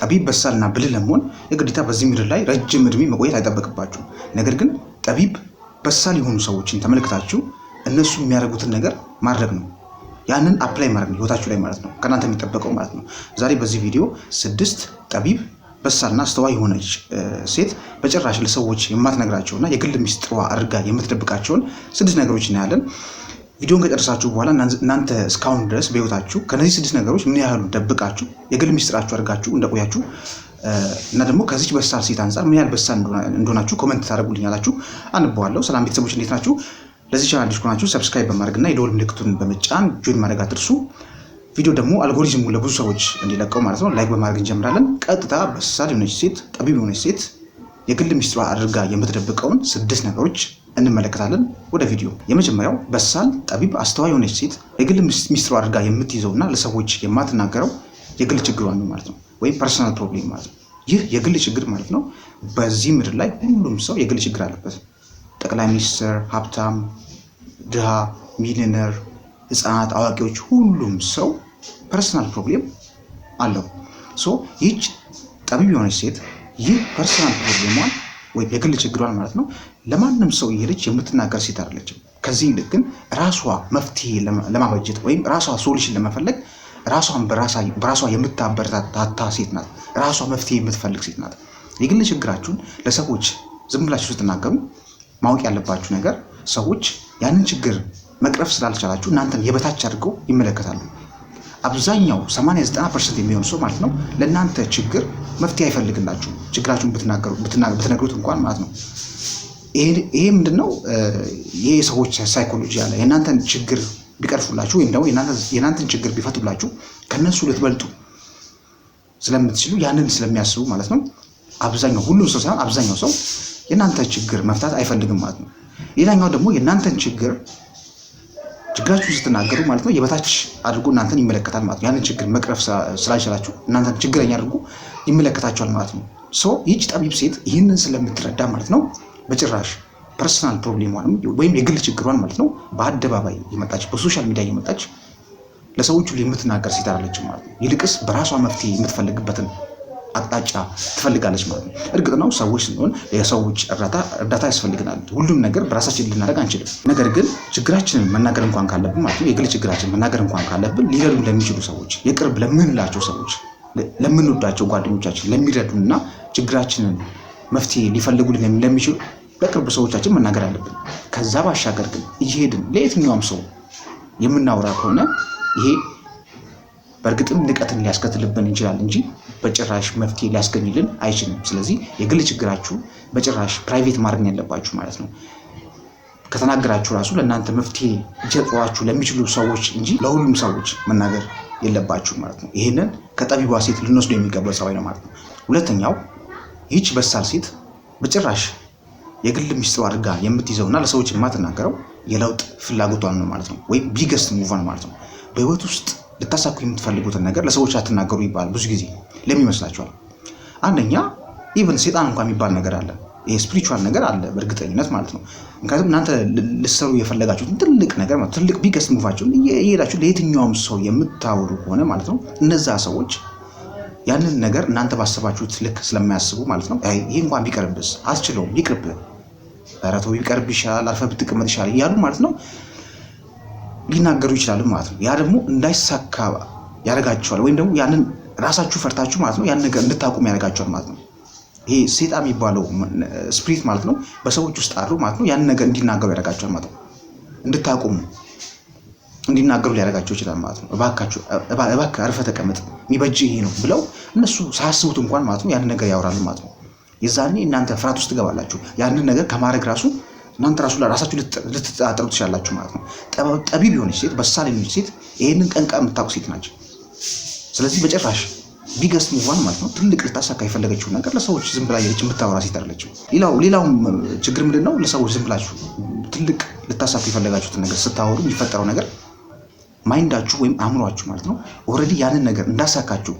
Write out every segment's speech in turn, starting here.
ጠቢብ በሳልና ብልህ ለመሆን የግዴታ በዚህ ምድር ላይ ረጅም እድሜ መቆየት አይጠበቅባችሁም። ነገር ግን ጠቢብ በሳል የሆኑ ሰዎችን ተመልክታችሁ እነሱ የሚያደርጉትን ነገር ማድረግ ነው። ያንን አፕላይ ማድረግ ነው ህይወታችሁ ላይ ማለት ነው፣ ከእናንተ የሚጠበቀው ማለት ነው። ዛሬ በዚህ ቪዲዮ ስድስት ጠቢብ በሳልና አስተዋይ የሆነች ሴት በጭራሽ ለሰዎች የማትነግራቸውና የግል ሚስጥሯ አድርጋ የምትደብቃቸውን ስድስት ነገሮች እናያለን። ቪዲዮን ከጨረሳችሁ በኋላ እናንተ እስካሁን ድረስ በህይወታችሁ ከነዚህ ስድስት ነገሮች ምን ያህሉ ደብቃችሁ የግል ሚስጥራችሁ አድርጋችሁ እንደቆያችሁ እና ደግሞ ከዚች በሳል ሴት አንጻር ምን ያህል በሳል እንደሆናችሁ ኮመንት ያላችሁ አንበዋለሁ። ሰላም ቤተሰቦች፣ እንዴት ናችሁ? ለዚህ ቻናል አዲስ ከሆናችሁ ሰብስክራይብ እና የደወል ምልክቱን በመጫን ጆይን ማድረግ አትርሱ። ቪዲዮ ደግሞ አልጎሪዝሙ ለብዙ ሰዎች እንዲለቀው ማለት ነው ላይክ በማድረግ እንጀምራለን። ቀጥታ በሳል የሆነች ሴት ጠቢብ የሆነች ሴት የግል ሚስጥሯ አድርጋ የምትደብቀውን ስድስት ነገሮች እንመለከታለን። ወደ ቪዲዮ። የመጀመሪያው በሳል፣ ጠቢብ፣ አስተዋይ የሆነች ሴት የግል ሚስጥሯ አድርጋ የምትይዘው እና ለሰዎች የማትናገረው የግል ችግሯ ነው ማለት ነው፣ ወይም ፐርሰናል ፕሮብሌም ማለት ነው። ይህ የግል ችግር ማለት ነው። በዚህ ምድር ላይ ሁሉም ሰው የግል ችግር አለበት። ጠቅላይ ሚኒስትር፣ ሀብታም፣ ድሃ፣ ሚሊነር፣ ህፃናት፣ አዋቂዎች፣ ሁሉም ሰው ፐርሰናል ፕሮብሌም አለው። ሶ ይህች ጠቢብ የሆነች ሴት ይህ ፐርሰናል ፕሮብሌሟን ወይም የግል ችግሯን ማለት ነው ለማንም ሰው እየሄደች የምትናገር ሴት አይደለችም። ከዚህ ይልቅ ግን ራሷ መፍትሄ ለማበጀት ወይም ራሷ ሶሉሽን ለመፈለግ ራሷን በራሷ የምታበረታታ ሴት ናት። ራሷ መፍትሄ የምትፈልግ ሴት ናት። የግል ችግራችሁን ለሰዎች ዝም ብላችሁ ስትናገሩ ማወቅ ያለባችሁ ነገር ሰዎች ያንን ችግር መቅረፍ ስላልቻላችሁ እናንተን የበታች አድርገው ይመለከታሉ። አብዛኛው 89 ፐርሰንት የሚሆን ሰው ማለት ነው ለእናንተ ችግር መፍትሄ አይፈልግላችሁ ችግራችሁን ብትነግሩት እንኳን ማለት ነው። ይሄ ምንድነው ይሄ የሰዎች ሳይኮሎጂ ያለ የእናንተን ችግር ቢቀርፉላችሁ ወይም ደግሞ የእናንተን ችግር ቢፈቱላችሁ ከነሱ ልትበልጡ ስለምትችሉ ያንን ስለሚያስቡ ማለት ነው አብዛኛው ሁሉም ሰው ሳይሆን አብዛኛው ሰው የእናንተ ችግር መፍታት አይፈልግም ማለት ነው። ሌላኛው ደግሞ የእናንተን ችግር ችግራችሁ ስትናገሩ ማለት ነው የበታች አድርጎ እናንተን ይመለከታል ማለት ነው። ያንን ችግር መቅረፍ ስላልቻላችሁ እናንተን ችግረኛ አድርጎ ይመለከታችኋል ማለት ነው። ሶ ይህች ጠቢብ ሴት ይህንን ስለምትረዳ ማለት ነው በጭራሽ ፐርሰናል ፕሮብሌሟንም ወይም የግል ችግሯን ማለት ነው በአደባባይ የመጣች በሶሻል ሚዲያ የመጣች ለሰዎቹ የምትናገር ሴት አለች ማለት ነው። ይልቅስ በራሷ መፍትሄ የምትፈልግበትን አቅጣጫ ትፈልጋለች ማለት ነው። እርግጥ ነው ሰዎች ስንሆን የሰዎች እርዳታ ያስፈልግናል። ሁሉም ነገር በራሳችን ልናደርግ አንችልም። ነገር ግን ችግራችንን መናገር እንኳን ካለብን ማለት ነው የግል ችግራችን መናገር እንኳን ካለብን ሊረዱን ለሚችሉ ሰዎች፣ የቅርብ ለምንላቸው ሰዎች፣ ለምንወዳቸው ጓደኞቻችን ለሚረዱና ችግራችንን መፍትሄ ሊፈልጉልን ለሚችሉ ለቅርብ ሰዎቻችን መናገር አለብን። ከዛ ባሻገር ግን እየሄድን ለየትኛውም ሰው የምናወራ ከሆነ ይሄ በእርግጥም ንቀትን ሊያስከትልብን ይችላል እንጂ በጭራሽ መፍትሄ ሊያስገኝልን አይችልም። ስለዚህ የግል ችግራችሁ በጭራሽ ፕራይቬት ማድረግ ያለባችሁ ማለት ነው። ከተናገራችሁ ራሱ ለእናንተ መፍትሄ ሊሰጧችሁ ለሚችሉ ሰዎች እንጂ ለሁሉም ሰዎች መናገር የለባችሁ ማለት ነው። ይህንን ከጠቢቧ ሴት ልንወስዶ የሚገባ ሰባይ ነው ማለት ነው። ሁለተኛው ይህች በሳል ሴት በጭራሽ የግል ሚስጥሩ አድርጋ የምትይዘው እና ለሰዎች የማትናገረው የለውጥ ፍላጎቷን ነው ማለት ነው። ወይም ቢገስት ሙቫን ማለት ነው በህይወት ውስጥ ልታሳኩ የምትፈልጉትን ነገር ለሰዎች አትናገሩ ይባላል። ብዙ ጊዜ ለምን ይመስላችኋል? አንደኛ ኢቨን ሴጣን እንኳን የሚባል ነገር አለ። ይሄ ስፒሪቹዋል ነገር አለ በእርግጠኝነት ማለት ነው። ምክንያቱም እናንተ ልሰሩ የፈለጋችሁትን ትልቅ ነገር ትልቅ ቢገስት ሙፋችሁን እየሄዳችሁ ለየትኛውም ሰው የምታወሩ ከሆነ ማለት ነው እነዛ ሰዎች ያንን ነገር እናንተ ባሰባችሁት ልክ ስለማያስቡ ማለት ነው ይህ እንኳን ቢቀርብስ፣ አስችለውም፣ ይቅርብ፣ ረቶ ቢቀርብ ይሻላል፣ አርፈህ ብትቀመጥ ይሻላል እያሉ ማለት ነው ሊናገሩ ይችላሉ ማለት ነው። ያ ደግሞ እንዳይሳካ ያደርጋቸዋል፣ ወይም ደግሞ ያንን ራሳችሁ ፈርታችሁ ማለት ነው ያን ነገር እንድታቁም ያደርጋቸዋል ማለት ነው። ይሄ ሴጣ የሚባለው ስፕሪት ማለት ነው በሰዎች ውስጥ አሉ ማለት ነው። ያን ነገር እንዲናገሩ ያደርጋቸዋል ማለት ነው። እንድታቁሙ እንዲናገሩ ሊያደርጋቸው ይችላል ማለት ነው። እባካቸው እባክህ አርፈ ተቀመጥ የሚበጅ ይሄ ነው ብለው እነሱ ሳያስቡት እንኳን ማለት ነው ያንን ነገር ያወራሉ ማለት ነው። የዛኔ እናንተ ፍርሃት ውስጥ ትገባላችሁ። ያንን ነገር ከማድረግ ራሱ እናንተ ራሱ ራሳችሁ ልትጠራጠሩ ትችላላችሁ ማለት ነው። ጠቢብ የሆነች ሴት፣ በሳል የሆነች ሴት፣ ይህንን ቀንቃ የምታውቁ ሴት ናቸው። ስለዚህ በጭራሽ ቢገስት ሙቫን ማለት ነው ትልቅ ልታሳካ የፈለገችውን ነገር ለሰዎች ዝም ብላ የሄደች የምታወራ ሴት አይደለችም። ሌላው ሌላው ችግር ምንድን ነው? ለሰዎች ዝም ብላችሁ ትልቅ ልታሳካ የፈለጋችሁትን ነገር ስታወሩ የሚፈጠረው ነገር ማይንዳችሁ ወይም አእምሯችሁ ማለት ነው ኦልሬዲ ያንን ነገር እንዳሳካችሁ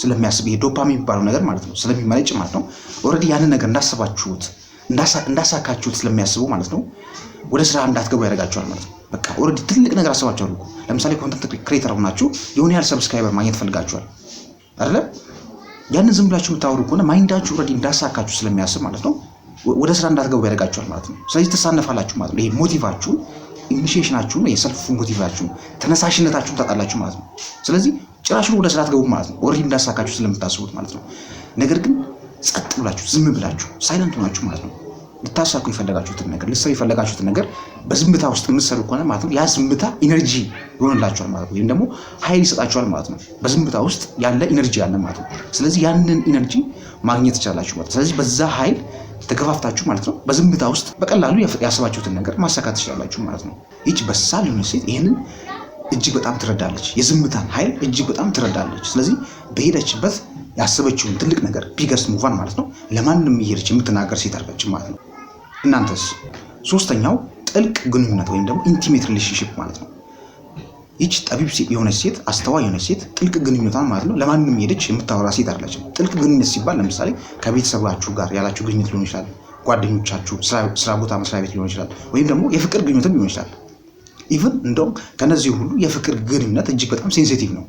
ስለሚያስብ ይሄ ዶፓሚን የሚባለው ነገር ማለት ነው ስለሚመነጭ ማለት ነው ኦልሬዲ ያንን ነገር እንዳሰባችሁት? እንዳሳካችሁት ስለሚያስቡ ማለት ነው ወደ ስራ እንዳትገቡ ያደርጋችኋል ማለት ነው። በቃ ኦልሬዲ ትልቅ ነገር አስባችኋል እኮ። ለምሳሌ ኮንተንት ክሬተር ሆናችሁ የሆነ ያህል ሰብስክራይበር ማግኘት ፈልጋችኋል አይደለም? ያንን ዝም ብላችሁ የምታወሩ ከሆነ ማይንዳችሁ ኦልሬዲ እንዳሳካችሁ ስለሚያስብ ማለት ነው ወደ ስራ እንዳትገቡ ያደርጋችኋል ማለት ነው። ስለዚህ ትሳነፋላችሁ ማለት ነው። ይሄ ሞቲቫችሁን፣ ነው። የሰልፍ ሞቲቫችሁ ተነሳሽነታችሁን ታጣላችሁ ማለት ነው። ስለዚህ ጭራሹን ወደ ስራ አትገቡ ማለት ነው። ኦልሬዲ እንዳሳካችሁ ስለምታስቡት ማለት ነው። ነገር ግን ጸጥ ብላችሁ ዝም ብላችሁ ሳይለንት ሆናችሁ ማለት ነው ልታሳኩ የፈለጋችሁትን ነገር ልትሰሩ የፈለጋችሁትን ነገር በዝምታ ውስጥ የምትሰሩ ከሆነ ማለት ነው ያ ዝምታ ኢነርጂ ይሆንላችኋል ማለት ነው። ወይም ደግሞ ኃይል ይሰጣችኋል ማለት ነው። በዝምታ ውስጥ ያለ ኢነርጂ ያለ ማለት ነው። ስለዚህ ያንን ኢነርጂ ማግኘት ትችላላችሁ ማለት ነው። ስለዚህ በዛ ኃይል ተገፋፍታችሁ ማለት ነው በዝምታ ውስጥ በቀላሉ ያሰባችሁትን ነገር ማሳካት ትችላላችሁ ማለት ነው። ይች በሳል የሆነች ሴት ይህንን እጅግ በጣም ትረዳለች። የዝምታን ኃይል እጅግ በጣም ትረዳለች። ስለዚህ በሄደችበት ያሰበችውን ትልቅ ነገር ቢገስ ሙቫን ማለት ነው ለማንም እየሄደች የምትናገር ሴት አድርጋችን ማለት ነው። እናንተስ? ሶስተኛው ጥልቅ ግንኙነት ወይም ደግሞ ኢንቲሜት ሪሌሽንሽፕ ማለት ነው። ይች ጠቢብ የሆነች ሴት አስተዋይ የሆነች ሴት ጥልቅ ግንኙነቷን ማለት ነው ለማንም ሄደች የምታወራ ሴት አለች። ጥልቅ ግንኙነት ሲባል ለምሳሌ ከቤተሰባችሁ ጋር ያላችሁ ግንኙነት ሊሆን ይችላል፣ ጓደኞቻችሁ፣ ስራ ቦታ መስሪያ ቤት ሊሆን ይችላል፣ ወይም ደግሞ የፍቅር ግንኙነትም ሊሆን ይችላል። ኢቭን እንደውም ከነዚህ ሁሉ የፍቅር ግንኙነት እጅግ በጣም ሴንሲቲቭ ነው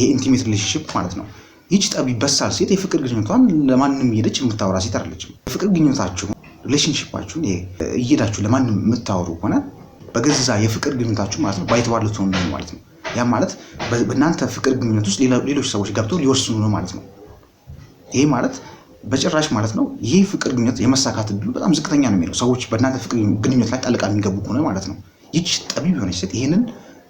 ይሄ ኢንቲሜት ሪሌሽንሽፕ ማለት ነው። ይች ጠቢ በሳል ሴት የፍቅር ግንኙነቷን ለማንም ሄደች የምታወራ ሴት አይደለችም። የፍቅር ግንኙነታችሁን ሪሌሽንሽፓችሁን እየሄዳችሁ ለማንም የምታወሩ ከሆነ በገዛ የፍቅር ግንኙነታችሁ ማለት ነው ባይተዋሉ ትሆኑ ማለት ነው። ያ ማለት በእናንተ ፍቅር ግንኙነት ውስጥ ሌሎች ሰዎች ገብተው ሊወስኑ ነው ማለት ነው። ይሄ ማለት በጭራሽ ማለት ነው። ይህ ፍቅር ግንኙነት የመሳካት ዕድሉ በጣም ዝቅተኛ ነው የሚለው ሰዎች በእናንተ ፍቅር ግንኙነት ላይ ጣልቃ የሚገቡ ከሆነ ማለት ነው። ይች ጠቢብ የሆነች ሴት ይህንን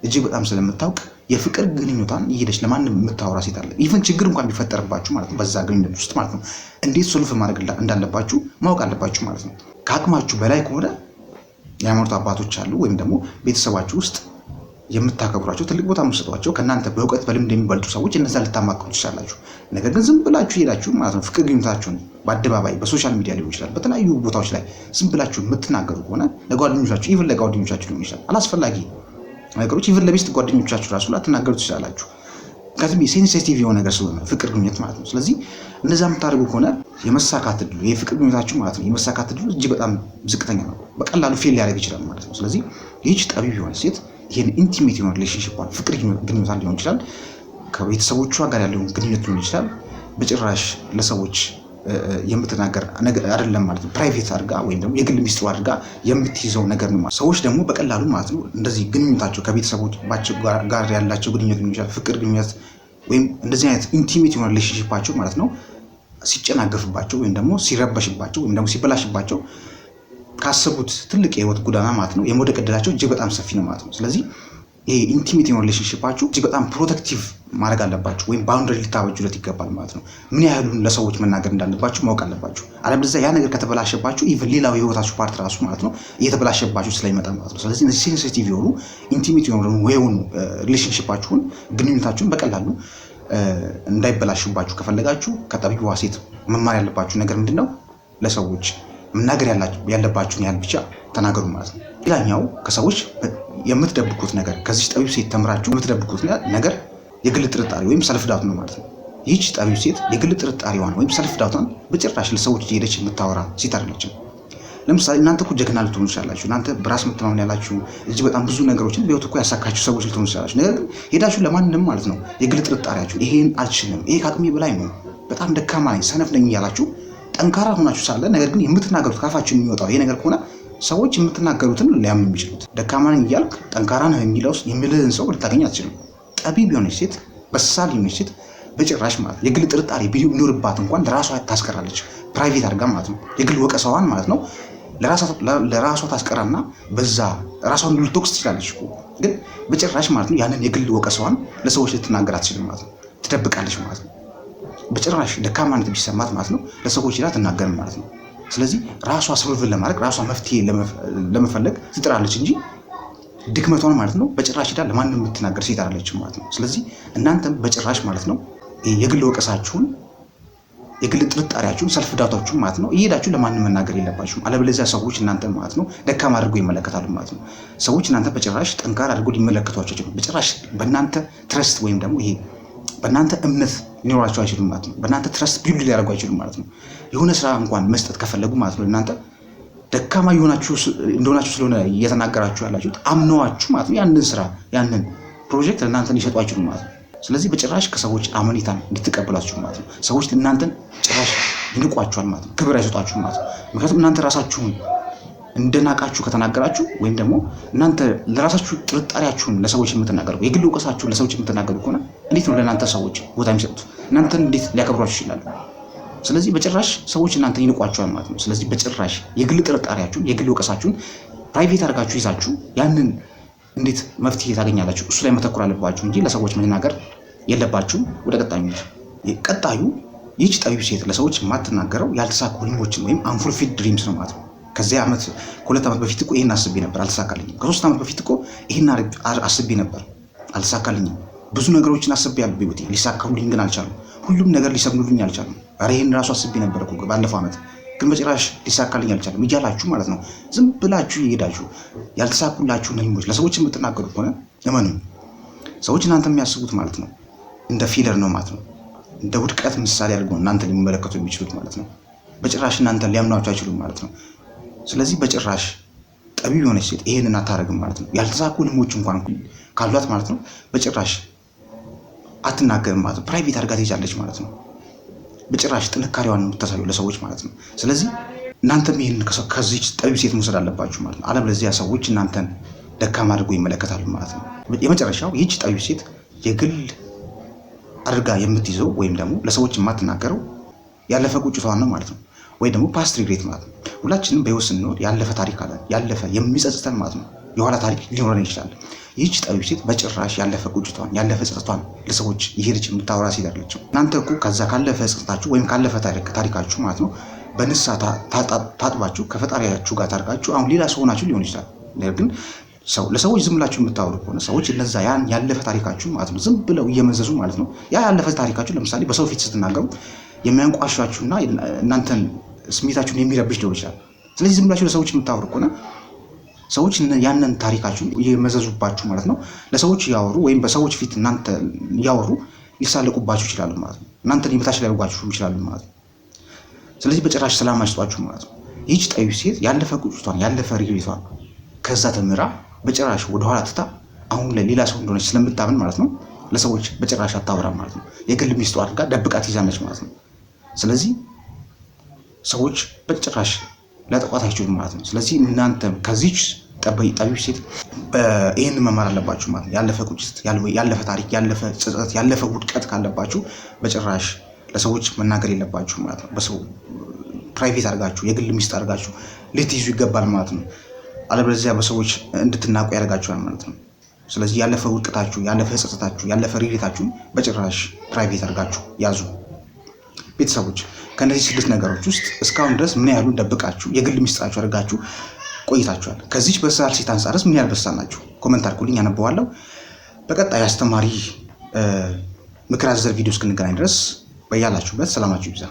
እጅግ በጣም ስለምታውቅ የፍቅር ግንኙታን እየሄደች ለማንም የምታወራ ሴት አለ። ኢቨን ችግር እንኳን ቢፈጠርባችሁ ማለት ነው፣ በዛ ግንኙነት ውስጥ ማለት ነው፣ እንዴት ሶልፍ ማድረግ እንዳለባችሁ ማወቅ አለባችሁ ማለት ነው። ከአቅማችሁ በላይ ከሆነ የሃይማኖት አባቶች አሉ፣ ወይም ደግሞ ቤተሰባችሁ ውስጥ የምታከብሯቸው ትልቅ ቦታ የምትሰጧቸው ከእናንተ በእውቀት በልምድ የሚበልጡ ሰዎች እነዛ ልታማክሩ ትችላላችሁ። ነገር ግን ዝም ብላችሁ ሄዳችሁ ማለት ነው ፍቅር ግንኙታችሁን በአደባባይ በሶሻል ሚዲያ ሊሆን ይችላል፣ በተለያዩ ቦታዎች ላይ ዝም ብላችሁ የምትናገሩ ከሆነ ለጓደኞቻችሁ ኢቨን ለጓደኞቻችሁ ሊሆን ይችላል አላስፈላጊ ነገሮች ኢቨን ለቤስት ጓደኞቻችሁ ራሱ ላትናገሩ ትችላላችሁ። ምክንያቱም ሴንሲቲቭ የሆነ ነገር ስለሆነ ፍቅር ግንኙነት ማለት ነው። ስለዚህ እነዛ የምታደርጉ ከሆነ የመሳካት እድሉ የፍቅር ግንኙነታችሁ ማለት ነው የመሳካት እድሉ እጅግ በጣም ዝቅተኛ ነው። በቀላሉ ፌል ሊያደርግ ይችላል ማለት ነው። ስለዚህ ይህች ጠቢብ የሆነ ሴት ይህን ኢንቲሜት የሆነ ሪሌሽንሽን ፍቅር ግንኙነት ሊሆን ይችላል ከቤተሰቦቿ ጋር ያለውን ግንኙነት ሊሆን ይችላል በጭራሽ ለሰዎች የምትናገር አይደለም ማለት ነው። ፕራይቬት አድርጋ ወይም ደግሞ የግል ሚስጥሩ አድርጋ የምትይዘው ነገር ነው ማለት። ሰዎች ደግሞ በቀላሉ ማለት ነው እንደዚህ ግንኙነታቸው ከቤተሰቦቻቸው ጋር ያላቸው ግንኙነት፣ ፍቅር ግንኙነት ወይም እንደዚህ አይነት ኢንቲሜት የሆነ ሪሌሽንሽፓቸው ማለት ነው ሲጨናገፍባቸው ወይም ደግሞ ሲረበሽባቸው ወይም ደግሞ ሲበላሽባቸው ካሰቡት ትልቅ የህይወት ጎዳና ማለት ነው የመውደቅ ዕድላቸው እጅግ በጣም ሰፊ ነው ማለት ነው። ስለዚህ ይሄ ኢንቲሜት የሆነ ሪሌሽንሽፓችሁ እጅግ በጣም ፕሮቴክቲቭ ማድረግ አለባችሁ፣ ወይም ባውንደሪ ልታበጁለት ይገባል ማለት ነው። ምን ያህሉን ለሰዎች መናገር እንዳለባችሁ ማወቅ አለባችሁ። አለበለዚያ ያ ነገር ከተበላሸባችሁ ኢቨን ሌላው የህይወታችሁ ፓርት ራሱ ማለት ነው እየተበላሸባችሁ ስለሚመጣ ማለት ነው። ስለዚህ እነዚህ ሴንሲቲቭ የሆኑ ኢንቲሜት የሆኑ የሆኑ ሪሌሽንሽፓችሁን uh, ግንኙነታችሁን በቀላሉ uh, እንዳይበላሽባችሁ ከፈለጋችሁ ከጠቢቧ ሴት መማር ያለባችሁ ነገር ምንድን ነው? ለሰዎች መናገር ያለባችሁን ያህል ብቻ ተናገሩ ማለት ነው። ሌላኛው ከሰዎች የምትደብቁት ነገር ከዚች ጠቢብ ሴት ተምራችሁ የምትደብቁት ነገር የግል ጥርጣሬ ወይም ሰልፍ ዳውት ነው ማለት ነው። ይህች ጠቢብ ሴት የግል ጥርጣሬዋን ወይም ሰልፍ ዳውቷን በጭራሽ ለሰዎች እየሄደች የምታወራ ሴት አይደለችም። ለምሳሌ እናንተ እኮ ጀግና ልትሆኑ ትችላላችሁ። እናንተ በራስ መተማመን ያላችሁ እጅ በጣም ብዙ ነገሮችን በህይወት እኮ ያሳካችሁ ሰዎች ልትሆኑ ትችላላችሁ። ነገር ግን ሄዳችሁ ለማንም ማለት ነው የግል ጥርጣሬያችሁን ይሄን አልችልም፣ ይሄ ከአቅሜ በላይ ነው፣ በጣም ደካማ ነኝ፣ ሰነፍ ነኝ እያላችሁ ጠንካራ ሆናችሁ ሳለ ነገር ግን የምትናገሩት ካፋችሁ የሚወጣው ይሄ ነገር ከሆነ ሰዎች የምትናገሩትን ሊያም የሚችሉት ደካማን እያልክ ጠንካራን የሚለውስ የሚልህን ሰው ልታገኝ አትችልም። ጠቢብ የሆነች ሴት፣ በሳል የሆነች ሴት በጭራሽ ማለት የግል ጥርጣሬ ቢኖርባት እንኳን ለራሷ ታስቀራለች። ፕራይቬት አድርጋ ማለት ነው። የግል ወቀሳዋን ማለት ነው ለራሷ ታስቀራና በዛ ራሷን ልትወቅስ ትችላለች። ግን በጭራሽ ማለት ነው ያንን የግል ወቀሳዋን ለሰዎች ልትናገር አትችልም ማለት ነው። ትደብቃለች ማለት ነው። በጭራሽ ደካማነት ቢሰማት ማለት ነው ለሰዎች ላ ትናገርም ማለት ነው። ስለዚህ ራሷ ሰበብን ለማድረግ ራሷ መፍትሄ ለመፈለግ ትጥራለች እንጂ ድክመቷን ማለት ነው በጭራሽ ሄዳ ለማንም የምትናገር ሴት አላለችም ማለት ነው። ስለዚህ እናንተም በጭራሽ ማለት ነው የግል ወቀሳችሁን የግል ጥርጣሪያችሁን ሰልፍ ዳታችሁን ማለት ነው እየሄዳችሁ ለማንም መናገር የለባችሁም። አለበለዚያ ሰዎች እናንተ ማለት ነው ደካማ አድርገው ይመለከታሉ ማለት ነው። ሰዎች እናንተ በጭራሽ ጠንካራ አድርገው ሊመለከቷቸው በጭራሽ በእናንተ ትረስት ወይም ደግሞ ይሄ በእናንተ እምነት ሊኖራቸው አይችሉም ማለት ነው። በእናንተ ትረስት ቢልድ ሊያደርጉ አይችሉም ማለት ነው። የሆነ ስራ እንኳን መስጠት ከፈለጉ ማለት ነው እናንተ ደካማ እንደሆናችሁ ስለሆነ እየተናገራችሁ ያላችሁት አምነዋችሁ ማለት ነው ያንን ስራ ያንን ፕሮጀክት ለእናንተን ሊሰጡ አይችሉም ማለት ነው። ስለዚህ በጭራሽ ከሰዎች አመኔታን እንድትቀበላችሁ ማለት ነው። ሰዎች እናንተን ጭራሽ ይንቋችኋል ማለት ነው። ክብር አይሰጧችሁም ማለት ነው። ምክንያቱም እናንተ ራሳችሁን እንደናቃችሁ ከተናገራችሁ ወይም ደግሞ እናንተ ለራሳችሁ ጥርጣሬያችሁን ለሰዎች የምትናገሩ የግል ውቀሳችሁን ለሰዎች የምትናገሩ ከሆነ እንዴት ነው ለእናንተ ሰዎች ቦታ የሚሰጡት? እናንተን እንዴት ሊያከብሯችሁ ይችላሉ? ስለዚህ በጭራሽ ሰዎች እናንተን ይንቋቸዋል ማለት ነው። ስለዚህ በጭራሽ የግል ጥርጣሬያችሁን የግል ውቀሳችሁን ፕራይቬት አድርጋችሁ ይዛችሁ ያንን እንዴት መፍትሄ ታገኛላችሁ? እሱ ላይ መተኮር አለባችሁ እንጂ ለሰዎች መናገር የለባችሁም። ወደ ቀጣዩ ቀጣዩ ይህች ጠቢብ ሴት ለሰዎች የማትናገረው ያልተሳኩ ህልሞችን ወይም አንፉልፊልድ ድሪምስ ነው ማለት ነው። ከዚህ ዓመት ከሁለት ዓመት በፊት እኮ ይህን አስቤ ነበር አልተሳካልኝም። ከሶስት ዓመት በፊት እኮ ይህን አስቤ ነበር አልተሳካልኝም። ብዙ ነገሮችን አስቤ ያሉ ቢወቴ ሊሳካሉኝ ግን አልቻሉም። ሁሉም ነገር ሊሰምኑልኝ አልቻሉም። ኧረ ይህን ራሱ አስቤ ነበር ባለፈው ዓመት ግን በጭራሽ ሊሳካልኝ አልቻለም እያላችሁ ማለት ነው። ዝም ብላችሁ ይሄዳችሁ ያልተሳኩላችሁ ህልሞች ለሰዎች የምትናገሩ ከሆነ እመኑ፣ ሰዎች እናንተ የሚያስቡት ማለት ነው እንደ ፊለር ነው ማለት ነው። እንደ ውድቀት ምሳሌ አድርገው እናንተ ሊመለከቱ የሚችሉት ማለት ነው። በጭራሽ እናንተ ሊያምኗቸው አይችሉም ማለት ነው። ስለዚህ በጭራሽ ጠቢብ የሆነች ሴት ይሄንን አታደርግም ማለት ነው። ያልተሳኩ ልሞች እንኳን ካሏት ማለት ነው በጭራሽ አትናገርም ማለት ነው። ፕራይቬት አድርጋ ትሄጃለች ማለት ነው። በጭራሽ ጥንካሬዋን የምታሳየው ለሰዎች ማለት ነው። ስለዚህ እናንተም ይህን ከዚች ጠቢብ ሴት መውሰድ አለባችሁ ማለት ነው። አለበለዚያ ሰዎች እናንተን ደካማ አድርጎ ይመለከታሉ ማለት ነው። የመጨረሻው ይህች ጠቢብ ሴት የግል አድርጋ የምትይዘው ወይም ደግሞ ለሰዎች የማትናገረው ያለፈ ቁጭቷን ነው ማለት ነው። ወይ ደግሞ ፓስት ሪግሬት ማለት ነው። ሁላችንም በህይወት ስንኖር ያለፈ ታሪክ አለን፣ ያለፈ የሚጸጽተን ማለት ነው። የኋላ ታሪክ ሊኖረን ይችላል። ይህች ጠቢብ ሴት በጭራሽ ያለፈ ቁጭቷን ያለፈ ጽጥቷን ለሰዎች ይሄደች የምታወራ ሴት አይደለችም። እናንተ እኮ ከዛ ካለፈ ጽጥታችሁ ወይም ካለፈ ታሪካችሁ ማለት ነው በንሳ ታጥባችሁ ከፈጣሪያችሁ ጋር ታርቃችሁ አሁን ሌላ ሰው ሊሆን ይችላል። ነገር ግን ለሰዎች ዝም ብላችሁ የምታወሩ ከሆነ ሰዎች እነዛ ያን ያለፈ ታሪካችሁ ማለት ነው ዝም ብለው እየመዘዙ ማለት ነው ያ ያለፈ ታሪካችሁ ለምሳሌ በሰው ፊት ስትናገሩ የሚያንቋሻችሁና እናንተን ስሜታችሁን የሚረብሽ ሊሆን ይችላል። ስለዚህ ዝም ብላችሁ ለሰዎች የምታወሩ ከሆነ ሰዎች ያንን ታሪካችሁን የመዘዙባችሁ ማለት ነው። ለሰዎች ያወሩ ወይም በሰዎች ፊት እናንተ ያወሩ ሊሳለቁባችሁ ይችላሉ ማለት ነው። እናንተን የበታች ሊያደርጓችሁ ይችላሉ ማለት ነው። ስለዚህ በጭራሽ ሰላም አይሰጧችሁ ማለት ነው። ይህች ጠቢብ ሴት ያለፈ ቁጭቷን ያለፈ ሪቷን ከዛ ተምራ በጭራሽ ወደኋላ ትታ አሁን ላይ ሌላ ሰው እንደሆነች ስለምታምን ማለት ነው ለሰዎች በጭራሽ አታወራ ማለት ነው። የግል ሚስቱ አድርጋ ደብቃት ይዛለች ማለት ነው። ስለዚህ ሰዎች በጭራሽ ሊያጠቋት አይችሉም ማለት ነው። ስለዚህ እናንተ ከዚች ጠቢብ ሴት ይህን መማር አለባችሁ ማለት ነው። ያለፈ ቁጭት፣ ያለፈ ታሪክ፣ ያለፈ ጸጸት፣ ያለፈ ውድቀት ካለባችሁ በጭራሽ ለሰዎች መናገር የለባችሁ ማለት ነው። በሰው ፕራይቬት አድርጋችሁ የግል ሚስት አድርጋችሁ ልትይዙ ይገባል ማለት ነው። አለበለዚያ በሰዎች እንድትናቁ ያደርጋችኋል ማለት ነው። ስለዚህ ያለፈ ውድቀታችሁ፣ ያለፈ ጸጸታችሁ፣ ያለፈ ሪሌታችሁን በጭራሽ ፕራይቬት አድርጋችሁ ያዙ ቤተሰቦች ከእነዚህ ስድስት ነገሮች ውስጥ እስካሁን ድረስ ምን ያህሉን ደብቃችሁ የግል ሚስጥራችሁ አድርጋችሁ ቆይታችኋል? ከዚች በሳል ሴት አንጻርስ ምን ያህል በሳል ናችሁ? ኮመንት አድርጉልኝ፣ አነበዋለሁ። በቀጣይ አስተማሪ ምክር አዘል ቪዲዮ እስክንገናኝ ድረስ በያላችሁበት ሰላማችሁ ይብዛ።